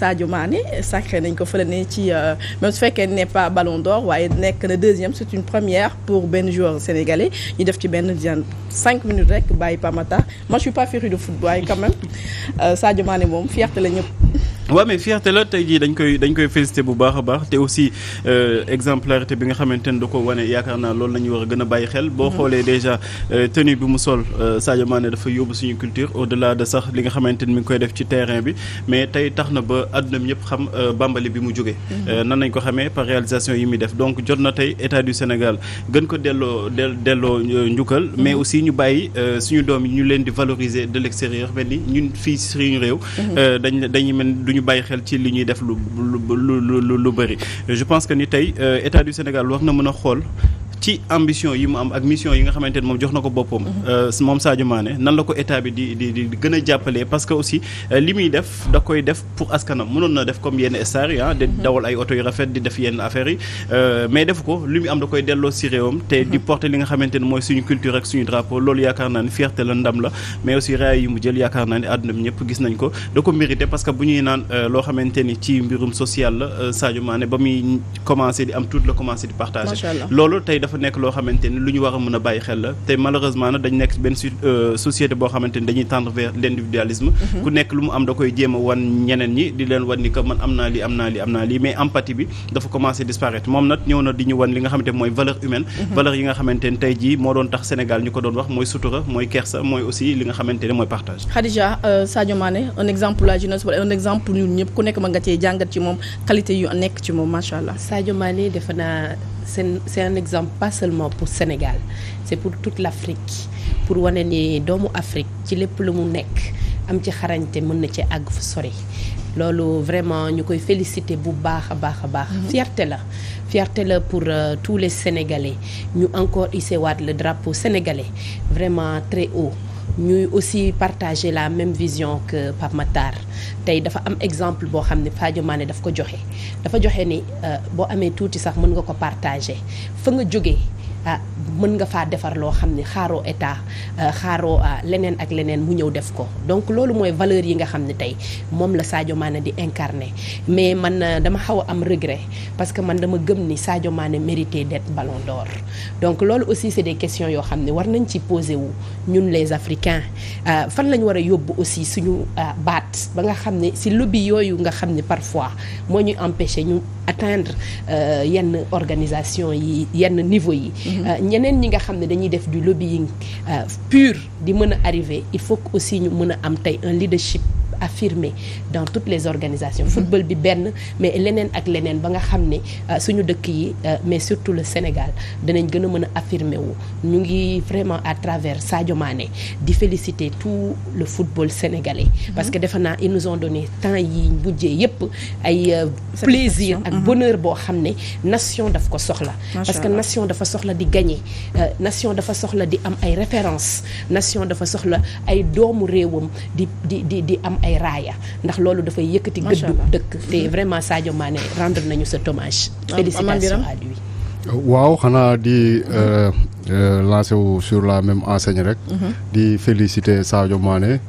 Sadio Mané sacré nañ ko fële ne ci euh, même su fekkee ne pa ballon d'or waaye nekk na deuxième c'est une première pour benn joueur sénégalais ñu def ci benn diane cinq minutes rek bàyyi Pamata moi je suis pas féru de football waaye quand même euh, Sadio Mané moom fierté la ñëpp waaw mais fierté la tey jii dañ koy dañ koy félicité bu baax a baax te aussi euh, exemplarité bi nga xamante ne da ko wane yaakaar naa loolu la war a gën a bàyyi xel boo mhm. xoolee déjà euh, tenue bi mu sol euh, Sadio Mané dafa yóbbu suñu culture au delà de sax li nga xamante ni mi ngi koy def ci terrain bi mais tey tax na ba àdduna bi ñëpp xam Bambali bi mu jógee mhm. nan nañ ko xamee par réalisation yi muy def donc jot na tey état du Sénégal gën ko delloo delloo njukkal mhm. mais aussi ñu bàyyi suñu doom yi ñu leen di valoriser de l'extérieur mel ñun fii suñu réew bàyyi xel ci li ñuy def lu lu lu lu bëri je pense que ni tey euh, état du Sénégal wax na mën a xool ci ambition yi mu am ak mission yi nga xamante ne moom jox na ko boppam. Mhm. Euh, moom Sadio Mané nan la ko état bi di di di gën a jàppalee parce que aussi euh, li muy def da koy def pour askanam mënoon na def comme yenn star yi ah. di mhm. ay oto yu rafet di def yenn affaires yi euh, mais def ko li muy am da koy delloo si réewam. te di mhm. porter xamante ne mooy suñu culture suñu drapeau yaakaar naa ne fierté la ndam la mais aussi mu jël yaakaar naa ne àdduna ñëpp gis nañ ko ko mérité parce que bu ñuy naan loo xamante ni ci mbirum social la Sadio Mané ba muy commencé di am tuuti la commencé di partager loolu tey dafa nekk loo xamante ni lu ñu war a mën a bàyyi xel la te malheureusement nag dañ nekk benn euh, société boo xamante ni dañuy tendre vers l'individualisme mhm. ku nekk lu mu am da koy jéem wan ñeneen ñi di leen wan ni que man am naa li am naa lii mais empathie bi dafa commencé disparaître moom nag ñëw na di ñu wan li nga xamante mooy valeur humaine mhm. valeur yi nga xamante ni tey jii moo doon tax Sénégal ñu ko doon wax mooy sutura mooy kersa mooy aussi li nga c'est un exemple pas seulement pour Sénégal c'est pour toute l'Afrique pour wane ni doomu Afrique ci lépp lu mu nekk am ci xarañte mën na ci àgg sori loolu vraiment ñu koy félicité bu baax a baax a baax. Mhm. fierté la fierté la pour euh, tous les Sénégalais ñu encore hisser waat le drapeau sénégalais vraiment très au ñuy aussi partager la même vision que Pape Matar tey dafa am exemple boo xam ni ne Sadio Mané daf ko joxe dafa joxe ni euh, boo amee tuuti sax mën nga ko partager fa nga jógee ah mën nga faa defar loo xam ni xaaroo état ah, xaaroo ah, leneen ak leneen mu ñëw def ko donc loolu mooy valeur yi nga xam ne tey moom la Sadio Mané di incarné mais man ah, dama xaw a am regret parce que man dama gëm ni Sadio Mané mérité d'être ballon d'or donc loolu aussi c'est des question yoo xam ne war nañ ci posé wu ñun les Africains fan lañ war a yóbbu aussi suñu baat ba nga xam ne si lobby yooyu nga xam ne parfois moo ñu empêché ñu atteindre yenn organisation yi yenn niveau yi Euh, mhm. ñeneen ñi nga xam ne dañuy def du lobbying euh, pur di mën a arriver il faut aussi ñu mën a am tey un leadership affirmé dans toutes les organisations football bi benn mais leneen ak leneen ba nga xam ne euh, suñu dëkk yi euh, mais surtout le Sénégal danañ gën a mën a affirmé wu ñu ngi vraiment à travers Sadio Mané di féliciter tout le football sénégalais mm-hmm. parce que defe naa ils nous ont donné temps yi mujjee yépp ay euh, plaisir ak mm-hmm. bonheur boo xam ne nation daf ko soxla parce que nation dafa soxla di gagner nation dafa soxla di am ay références nation dafa soxla ay doomu réewam di di di di am ay raaya ndax loolu dafay yëkkati gëddu dëkk te mhm. vraiment Sadio Mané rendre nañu cet hommage ah, waaw xanaa di euh, euh, lancé wu sur la même enseigne rek mhm. di féliciter Sadio Mané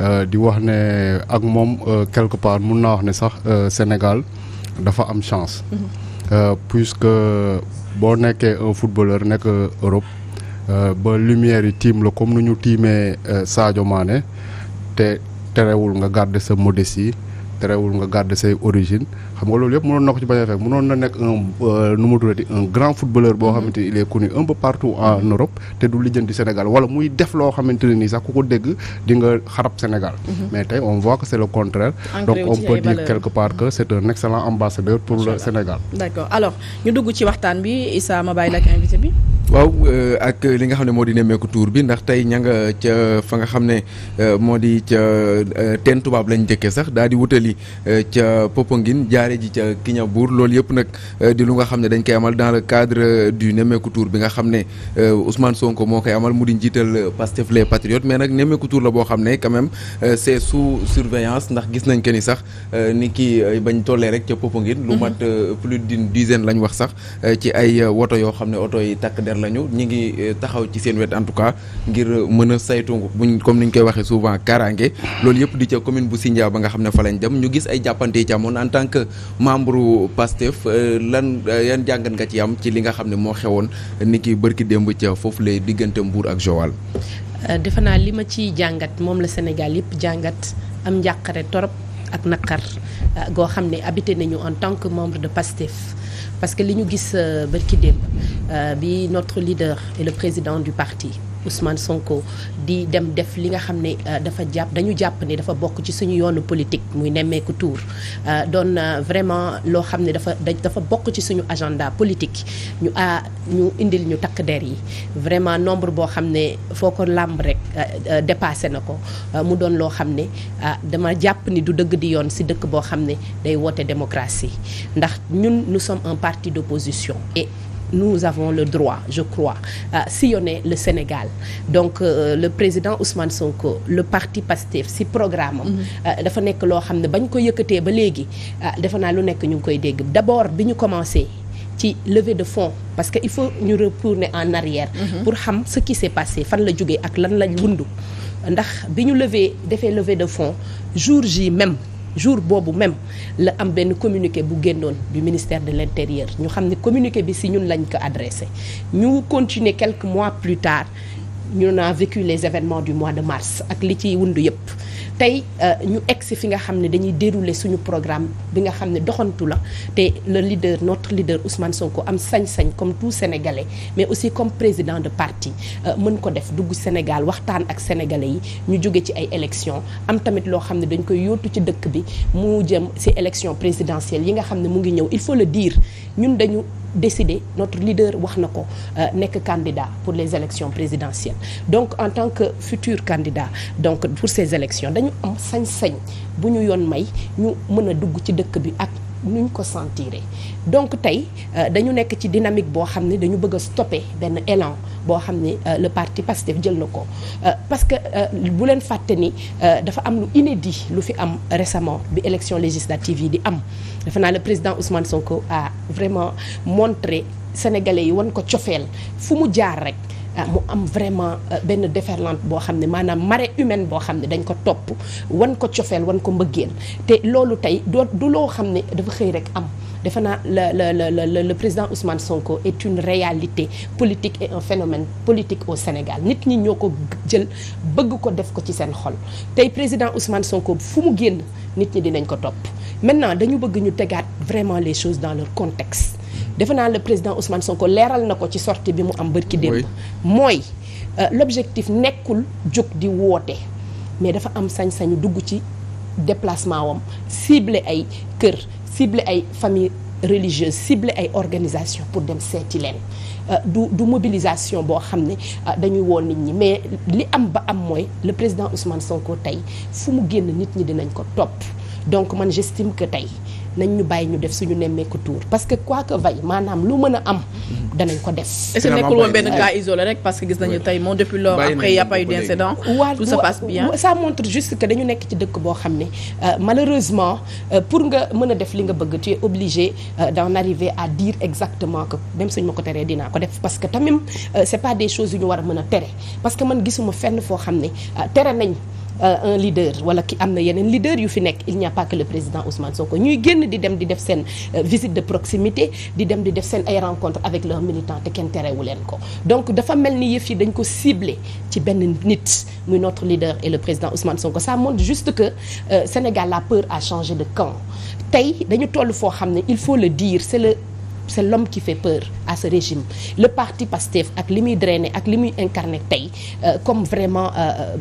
euh, di wax ne ak moom quelque part mun naa wax ne sax Sénégal dafa am chance mhm. puisque boo nekkee un footballeur nekk Europe ba lumière yi tiim la comme nu ñu tiimee Sadio Mané te terewul nga garder sa modestie terewul nga garder say origine xam nga loolu yëpp mënoon na ko ci bañ a fekk mënoon na nekk un euh, nu mu tuddati grand footballeur boo xamante ni il est connu partout en Europe te du lijjanti Sénégal wala muy def loo xamante ne nii sax ku ko dégg di xarab Sénégal. Mhm. mais tey on voit que c' est contraire. donc on peut quelque part que c' est un ambassadeur pour le Sénégal. d' accord alors ñu dugg ci waxtaan bi Issa ma bàyyi waaw euh, ak li nga xam ne moo di nemmeeku tuur bi ndax tey ña nga ca fa nga xam ne euh, moo di ca euh, teen tubaab lañ njëkkee sax daal di wutali ca Popenguine jaare ji ca buur loolu yëpp nag di lu nga xam ne dañ koy amal dans le cadre du nemmeeku tuur bi nga xam ne Ousmane Sonko moo koy amal mu di njiital Pastef les Patriotes mais nag nemmeeku tuur la boo xam ne quand même c'est sous surveillance ndax gis nañ que ni sax ni ki bañ tollee rek ca Popenguine lu mhm. mat plus d'une dizaine lañ wax sax ci ay woto yoo xam ne oto yi takk der lañu ñi ngi euh, taxaw ci seen wet en tout cas ngir euh, mën a saytu buñ comme ni ñu koy waxee souvent kaaraange loolu yëpp di ca commune bu Sindia ba nga xam ne fa lañ dem ñu gis ay jàppante yi ci amoon en tant que membre PASTEF euh, lan yan jàngat nga ci am ci li nga xam ne moo xewoon ni ki bërki démb ca foofu lay diggante Mbour ak Joal. defe naa li ma ciy jàngat moom la Sénégal yëpp jàngat am njàqare torop ak naqar goo xam ne habité nañu en tant que membre de PASTEF. parce que li ñu gis euh, bërki démb euh, bi notre leader et le président du parti Ousmane Sonko di dem def li nga xam ne euh, dafa jàpp dañu jàpp ni dafa bokk ci suñu yoonu politique muy nemmeeku tour euh, doon euh, vraiment loo xam ne dafa dafa bokk ci suñu agenda politique ñu a ñu indil ñu takk der yi vraiment nombre boo xam ne foo ko làmb rek dépassé na ko mu doon loo xam ne dama jàpp ni du dëgg di yoon si dëkk boo xam ne day woote démocratie ndax ñun nous sommes un partie d'opposition et nous avons le droit je crois si sillonner le Sénégal donc euh, le président Ousmane Sonko le parti Pastef si programme am mhm. euh, dafa nekk loo xam ne bañ ko yëkkatee ba léegi euh, defe naa lu nekk ñu ngi koy dégg d'abord bi ñu commencé ci levée de fonds parce que il faut ñu retourner en arrière mhm. pour xam ce qui s'est passé fan la jógee ak lan la mhm. wund ndax bi ñu levé defee lever de fonds jour J même jour boobu même la am benn communiqué bu génnoon du ministère de l'intérieur ñu xam ne communiqué bi si ñun lañ ko adressé ñu continuer quelque mois plus tard ñu naa vécu les événements du mois de mars ak li ciy wundu yëpp tey euh, ñu egg si fi nga xam ne dañuy dérouler suñu programme bi nga xam ne doxantu la te le leader notre leader Ousmane ko am sañ-sañ comme tout sénégalais mais aussi comme président de parti euh, mën ko def dugg Sénégal waxtaan ak sénégalais yi ñu jóge ci ay élections am tamit loo xam ne dañ koy yootu ci dëkk bi mu jëm ci élection présidentielle yi nga xam ne mu ngi ñëw il faut le dire ñun dañu décider notre leader wax na ko euh, nekk candidat pour les élections présidentielles donc en tant que futur candidat donc pour ces élections dañu am sañ-sañ bu ñu yoon may ñu mën a dugg ci dëkk bi ak nuñ ko sentiré donc tey euh, dañu nekk ci dynamique boo xam ne dañu bëgg a stopper benn élan boo xam ne euh, le parti Pastef jël na ko euh, parce que bu leen fàtte ni dafa am lu inédit lu fi am récemment bi élection législative yi di am defe naa le président Ousmane Sonko a vraiment montré sénégalais yi wan ko cofeel fu mu jaar rek Ah, mu am vraiment euh, benn déferlante boo xam ne maanaam marée humaine boo xam ne dañ ko topp wan ko cofeel wan ko mbëggeel te loolu tey doo du loo xam ne dafa xëy rek am defe naa la la la le président Ousmane Sonko est une réalité politique et un phénomène politique au Sénégal nit ñi ñoo ko jël bëgg ko def ko ci seen xol tey président Ousmane Sonko fu mu génn nit ñi dinañ ko topp maintenant dañu bëgg ñu tegaat vraiment les choses dans leur contexte defe naa le président Ousmane Sonko leeral na ko ci sortie bi mu am bërki démb mooy euh, l'objectif nekkul jóg di woote mais dafa am sañ-sañu dugg ci déplacement wam cible ay kër cibler ay famille religieuse ciblé ay organisation pour dem seeti leen euh, du du mobilisation boo xam ne euh, dañuy woon nit ñi mais li am ba am mooy le président Ousmane Sonko tey fu mu génn nit ñi dinañ ko topp donc man j'estime que tey nañ ñu bàyyi ñu def suñu nemmeeku tour parce que quoi que vaille maanaam lu mën a am danañ ko def est-ce nekkul woon benn cas isolé rek parce que gis nañu tey moom depuis lors après y a pas eu d'incident tout se passe bien ça montre juste que dañu nekk ci dëkk boo xam ne euh, malheureusement euh, pour nga mën a def li nga bëgg tu es obligé euh, d'en arriver à dire exactement ko même suñ ma ko teree dinaa ko def parce que tamit c'est pas des choses yu ñu war a mën a tere parce que man gisuma fenn foo xam ne tere nañ Euh, un leader wala ki am na yeneen leader yu fi nekk il n'y a pas que le président Ousmane Sonko ñuy génn di dem di def seen euh, visite de proximité di dem di def seen ay rencontre avec leurs militants te kenn terewu leen ko donc dafa mel ni yëf yi dañ ko ciblé ci benn nit muy notre leader et le président Ousmane Sonko ça montre juste que euh, Sénégal la peur a changé de camp tey dañu toll foo xam ne il faut le dire c'est le c'est l'homme qui fait peur à ce régime le parti Pastef ak li muy drainer ak li muy incarner tey euh, comme vraiment euh,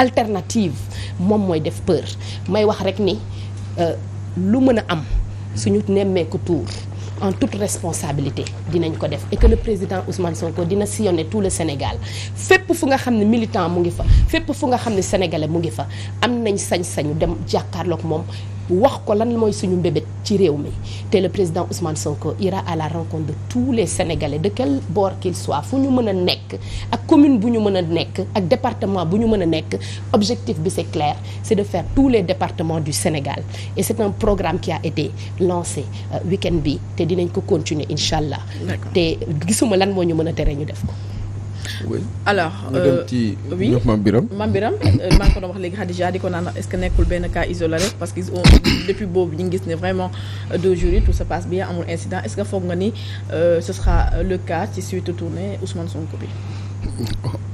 alternative moom mooy def peur may wax rek ni euh, lu mën a am suñu nemmeeku tuur en toute responsabilité dinañ ko def et que le président Ousmane Sonko dina sillonner tout le Sénégal fépp fu nga xam ne militant mu ngi fa fépp fu nga xam ne sénégalais mu ngi fa am nañ sañ-sañu dem jàkkaarloog moom wax ko lan mooy suñu mbébét ci réew mi te le président Ousmane Sonko ira à la rencontre de tous les Sénégalais de quel bord qu'il soit fu ñu mën a nekk ak commune bu ñu mën a nekk ak département bu ñu mën a nekk objectif bi c'est clair c'est de faire tous les départements du Sénégal et c'est un programme qui a été lancé euh, week bi te dinañ ko continuer incha allah te gisuma lan moo ñu mën a tere ñu def ko oui alors euh, ci oui Biram Mame Biram euh, maa ko doon wax léegi Khadija di ko naan est-ce benn cas isolé rek parce que depuis boobu ñu ngi gis ne vraiment euh, deux jours yi tout se passe bien amul incident est ni le cas suite tournée Ousmane Sonko bi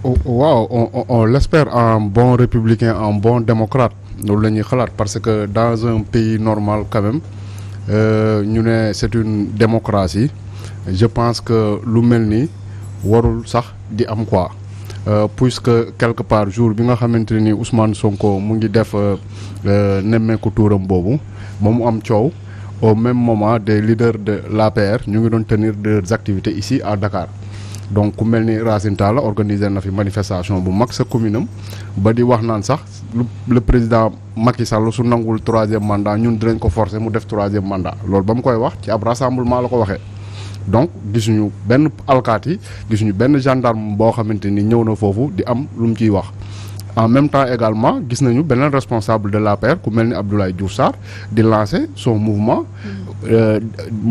oh, oh, waaw on, on, l'espère en bon républicain un bon démocrate loolu la ñuy xalaat parce que dans un pays normal quand même ñu euh, ne c'est une démocratie je pense que lu mel ni warul sax di am quoi euh, puisque quelque part jour bi nga xamante ni Ousmane Sonko mu ngi def euh, euh, nemmeeku tuuram boobu ba mu am coow au même moment de leaders de l'APR ñu ngi doon tenir de activité ici à Dakar donc ku mel ni Racine la organiser na fi manifestation bu mag sa commune am ba di wax naan sax lu le président Macky Sall su nangul troisième mandat ñun dinañ ko forcer mu def troisième mandat loolu ba mu koy wax ci ab rassemblement la ko waxee. donc gisuñu benn alkaati gisuñu benn gendarme boo xamante ni ñëw na foofu di am lu mu ciy wax en même temps également gis nañu beneen responsable de l'APR ku mel ni Abdoulaye Diouf Sarr di lancer son mouvement mm. euh,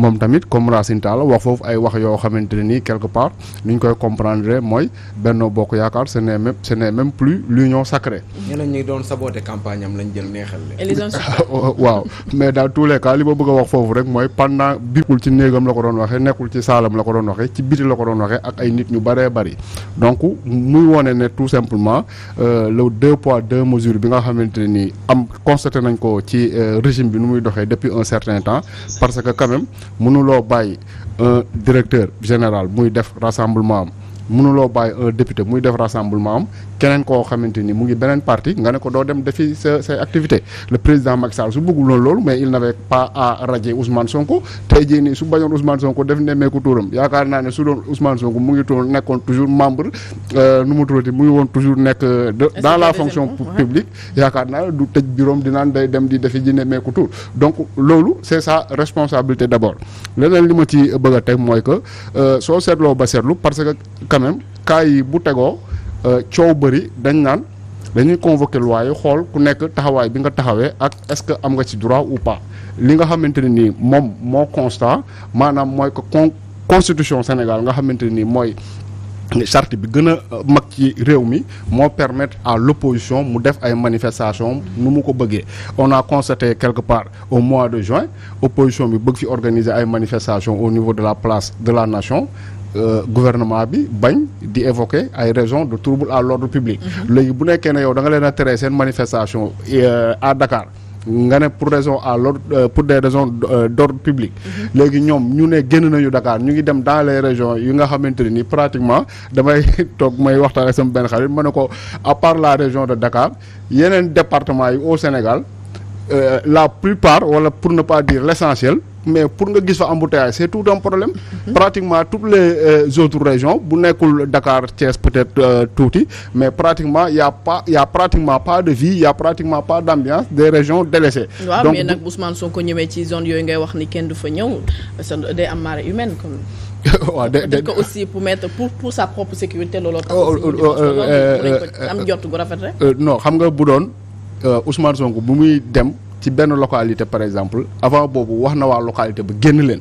moom tamit comme Racine Talla wax foofu ay wax yoo xamante ne nii quelque part ni ñu koy comprendre mooy Benno Bokk Yaakaar ce n'est même ce n'est même plus l'union sacrée. ñeneen ñi doon saboter campagne am lañ jël neexal leen. Oh, waaw mais daal tous les cas bëgga wax foofu rek mooy pendant bikul ci néegam la ko doon waxee nekkul ci saalam la ko doon waxee ci biti la ko doon waxee ak ay nit ñu bëree bëri le deux poids deux mesures bi nga xamante ni am constaté nañ ko ci euh, régime bi nu muy doxee depuis un certain temps parce que quand même mënuloo bàyyi un directeur général muy def rassemblement am mënuloo bàyyi un député muy def rassemblement am keneen koo xamante ni mu ngi beneen parti nga ne ko doo dem defi sa sa activité le président Macky Sall su bëgguloon loolu mais il n'avait pas à radier Ousmane Sonko tey jii nii su bañoon Ousmane Sonko def nemmeeku tuuram yaakaar naa ne su doon Ousmane Sonko mu ngi tuur nekkoon toujours membre euh, nu mu mu ngi woon toujours nekk euh, dans la fonction publique yaakaar naa du tëj biroom di naan day dem di defi ji nemmeeku tuur donc loolu c'est sa responsabilité d'abord leneen li ma ci bëgg a teg mooy que euh, soo seetloo ba seetlu parce que quand yi bu tegoo Euh, coow bëri dañ naan dañuy convoqué loi yi xool ku nekk taxawaay bi nga taxawee ak est-ce que am nga ci droit ou pas li nga xamante ne nii moom moo constat maanaam mooy que con constitution Sénégal nga xamante ne nii mooy charte bi gën a euh, mag ci réew mi moo permettre à l'opposition mu def ay manifestation nu mu ko bëggee on a constaté quelque part au mois de juin opposition bi bëgg fi organiser ay manifestation au niveau de la place de la nation Euh, gouvernement bi bañ di évoquer ay raisons de trouble à l'ordre public mhm. léegi bu nekkee ne yow da nga leen a tere seen manifestation euh, à Dakar nga ne pour raison à l'ordre euh, pour des raisons d'ordre public mhm. léegi ñoom ñu ne génn nañu Dakar ñu ngi dem dans les régions yi nga xamante ne nii pratiquement damay toog may waxtaan ak sama benn xarit ma ne ko à part la région de Dakar yeneen département yi au Sénégal la plupart wala pour ne pas dire l'essentiel mais pour nga gis fa embouteillage c'est tout un problème mm -hmm. pratiquement toutes les euh, autres régions bu nekkul Dakar Thiès peut-être euh, tuuti mais pratiquement y a pas y a pratiquement pas de vie y pratiquement pas d'ambiance des régions délaissées waaw ouais, mais nag Ousmane ñëwee ci zone yooyu ngay wax ni kenn du fa ñëw sa am marée humaine comme waaw de de ko aussi pour mettre pour pour sa propre sécurité looloo tax. Oh, oh, oh, euh, euh, euh, am jot gu rafet rek. no xam nga bu doon Ousmane Sonko bu muy dem. ci benn localité par exemple avant boobu wax na waa localité ba génn leen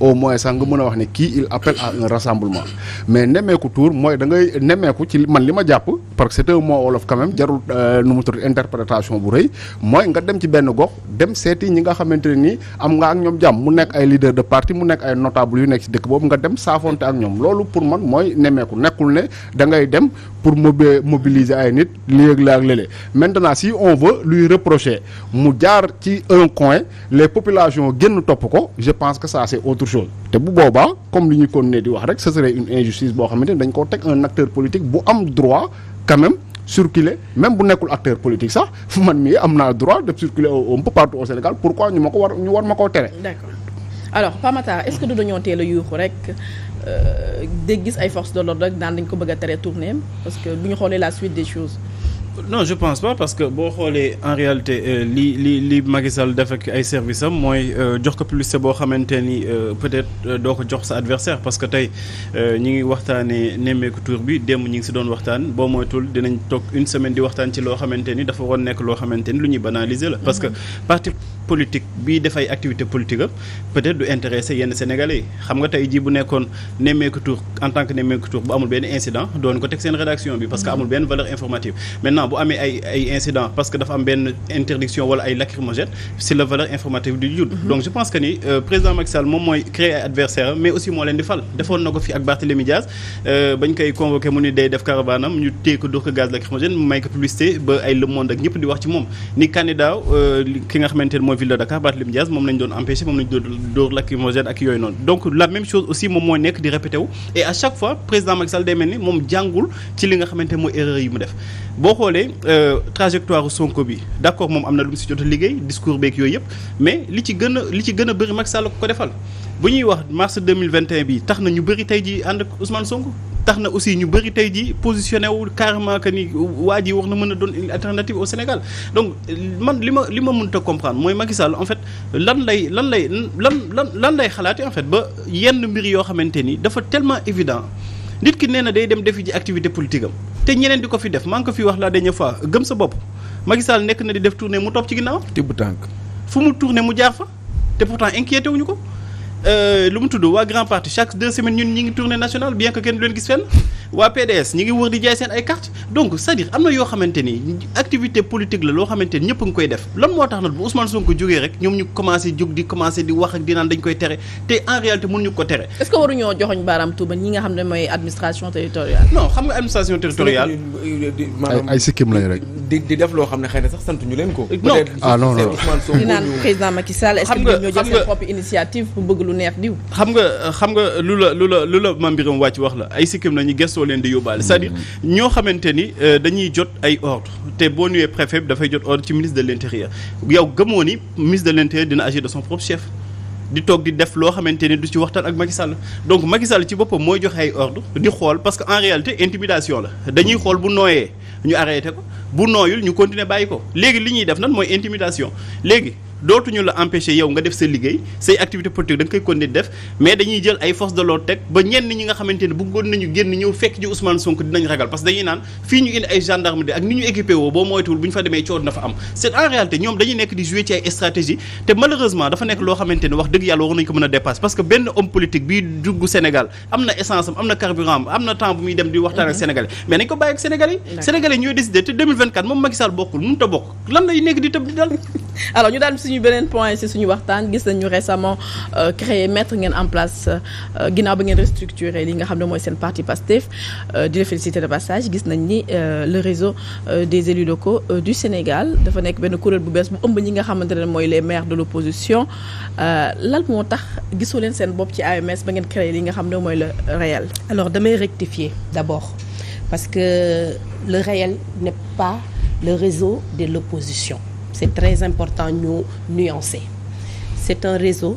au moins sax nga mën a wax ne kii il appelle à rassemblement mais nemmeeku tour mooy da ngay nemmeeku ci man li ma jàpp parce que c'est un mot wolof quand même jarul euh, nu mu tudd interprétation bu rëy mooy nga dem ci benn gox dem seeti ñi nga xamante ne nii am nga ak ñoom jàmm mu nekk ay leader de parti mu nekk ay notable yu nekk ci dëkk boobu nga dem saafonte ak ñoom loolu pour man mooy nemmeeku nekkul ne dangay dem pour mobiliser ay nit léeg la ak léeg maintenant si on veut lui reprocher mu jaar ci un les populations génn topp ko je pense que ça chose te bu boobaa comme li ñu continuer di wax rek ce serait une injustice boo xamante ni dañ koo teg un acteur politique bu am droit quand circuler même bu nekkul acteur politique sax man mii am naa droit de circuler un partout au Sénégal pourquoi ñu ma ko war ñu war ma koo tere. d'accord alors Pamata est-ce que du dañoo teel a yuuxu rek euh, dégg gis ay forces de l'ordre rek daan dañ ko bëgg tere tourner parce que bu ñu xoolee la suite des choses. non je pense pas parce que boo xoolee en réalité euh, li li li Macky Sall ay service am mooy euh, jox ko publicité boo xamante ni euh, peut-être doo ko jox sa adversaire parce que tey ñi ngi waxtaanee nemmeeku tour bi démb ñi ngi si doon waxtaan boo moytul dinañ toog une semaine di waxtaan ci loo xamante ni dafa waroon nekk loo xamante ni lu ñuy banaliser la parce que mm-hmm. parti politique bii def ay activité politique am du intéressé yenn sénégalais yi xam nga tey jii nekkoon nemmeeku tour en tant que nemmeeku tour bu amul benn incident doon ko teg seen rédaction bi parce que amul benn valeur informative maintenant bu amee ay incident parce que dafa am benn interdiction wala ay lacrymogène si la valeur informative du jud mhm. donc je pense que ni euh, président Macky moom mooy créer adversaire mais aussi moo leen di fal defoon na ko ville de Dakar Barthélémy Diaz moom lañ doon empêché moom lañ doon dóor lacrymogène ak yooyu noonu donc la même chose aussi moom mooy nekk di répété wu à chaque fois président Macky Sall mel ni moom jàngul ci li nga xamante mooy erreur yi mu def boo xoolee euh, trajectoire Sonko bi d' moom am na lu mu si jot a liggéey discours beeg yooyu yëpp mais li ci gën li ci gën a bëri Macky Sall ko defal bu ñuy wax mars 2021 bi tax na ñu bëri tey ji ànd ak Ousmane Sonko tax na aussi ñu bëri tey ji positionné wu carrément que ni waa ji wax na mën a doon une alternative au Sénégal donc man li ma li ma mënut a comprendre mooy Macky Sall en fait lan lay lan lay lan lan lan lay xalaatee en fait ba yenn mbir yoo xamante ni dafa tellement évident nit ki nee na day dem defi ji activité politique te ñeneen di ko fi def maa ngi ko fi wax la dernière fois gëm sa bopp Macky nekk na di def tournée mu topp ci ginnaaw. tibb tànk fu mu tournée mu jaar fa te pourtant wuñu ko. lu mu tudd waa grand parti chaque deux semaines ñun ñi ngi tournée nationale bien que kenn du leen gis fenn waa PDS ñi ngi wër di jaay seen ay cartes donc cest am na yoo xamante ni activité politique la loo xamante ni ñëpp a koy def lan moo tax na bu Ousmane Sonko jógee rek ñoom ñu commencé jóg di commencé di wax ak di naan dañ koy tere te en réalité mënuñu ko tere. est-ce que waruñoo joxoñ baaraam tuuba ñi nga xam ne mooy administration territoriale. non xam nga administration territoriale. ay ay sikkim lay rek. di di def loo xam ne xëy na sax sant ñu leen ko. non ah non non Ousmane Sonko naan président Macky Sall est-ce que initiative pour bëgg lu neex diw. xam nga xam nga lu la lu la lu la ma mbiram wàcc wax la ay sikkim nañu gestoo leen di yóbbaale sa dire mm-hmm. ñoo xamante ni euh, dañuy jot ay ordre te boo nuyee préfet dafay jot ordre ci ministre de l'intérieur yow gëmoo ni ministre de l'intérieur dina agir de son propre chef. di toog di def loo xamante ni du ci waxtaan ak Macky Sall donc Macky ci boppam mooy joxe ay ordre di xool parce que en réalité intimidation la dañuy xool bu nooyee ñu arrêté ko. bu nooyul ñu continuer bàyyi ko léegi li ñuy def nan mooy intimidation léegi dootuñu la empêcher yow nga def sa liggéey say activité politique da koy continuer def mais dañuy jël ay force de l'ordre teg ba ñenn ñi nga xamante ne bëggoon nañu génn ñëw fekk ji Ousmane Sonko dinañ ragal parce que dañuy naan fii ñu indi ay gendarme de ak ni ñu équipé woo boo moytuwul bu ñu fa demee coow na fa am c'est en réalité ñoom dañuy nekk di jouer ci ay stratégie te malheureusement dafa nekk loo xamante wax dëgg yàlla war nañu ko mën a dépasser am na essence am am na suñu beneen point ci suñu waxtaan gis nañu récemment euh, créé metre ngeen en place euh, ginnaaw ba ngeen restructuré li nga xam ne mooy seen parti Pastef euh, di la félicité de passage gis nañ ni le réseau des élus locaux du Sénégal dafa nekk benn kuréel bu bees bu ëmb ñi nga xamante ne mooy les maire de l'opposition lan moo tax gisoo leen seen bopp ci AMS ba ngeen créé li nga xam ne mooy la réel. alors damay rectifier d'abord parce que le réel ne pas le réseau de l'opposition c'est très important ñu nuancer c'est un réseau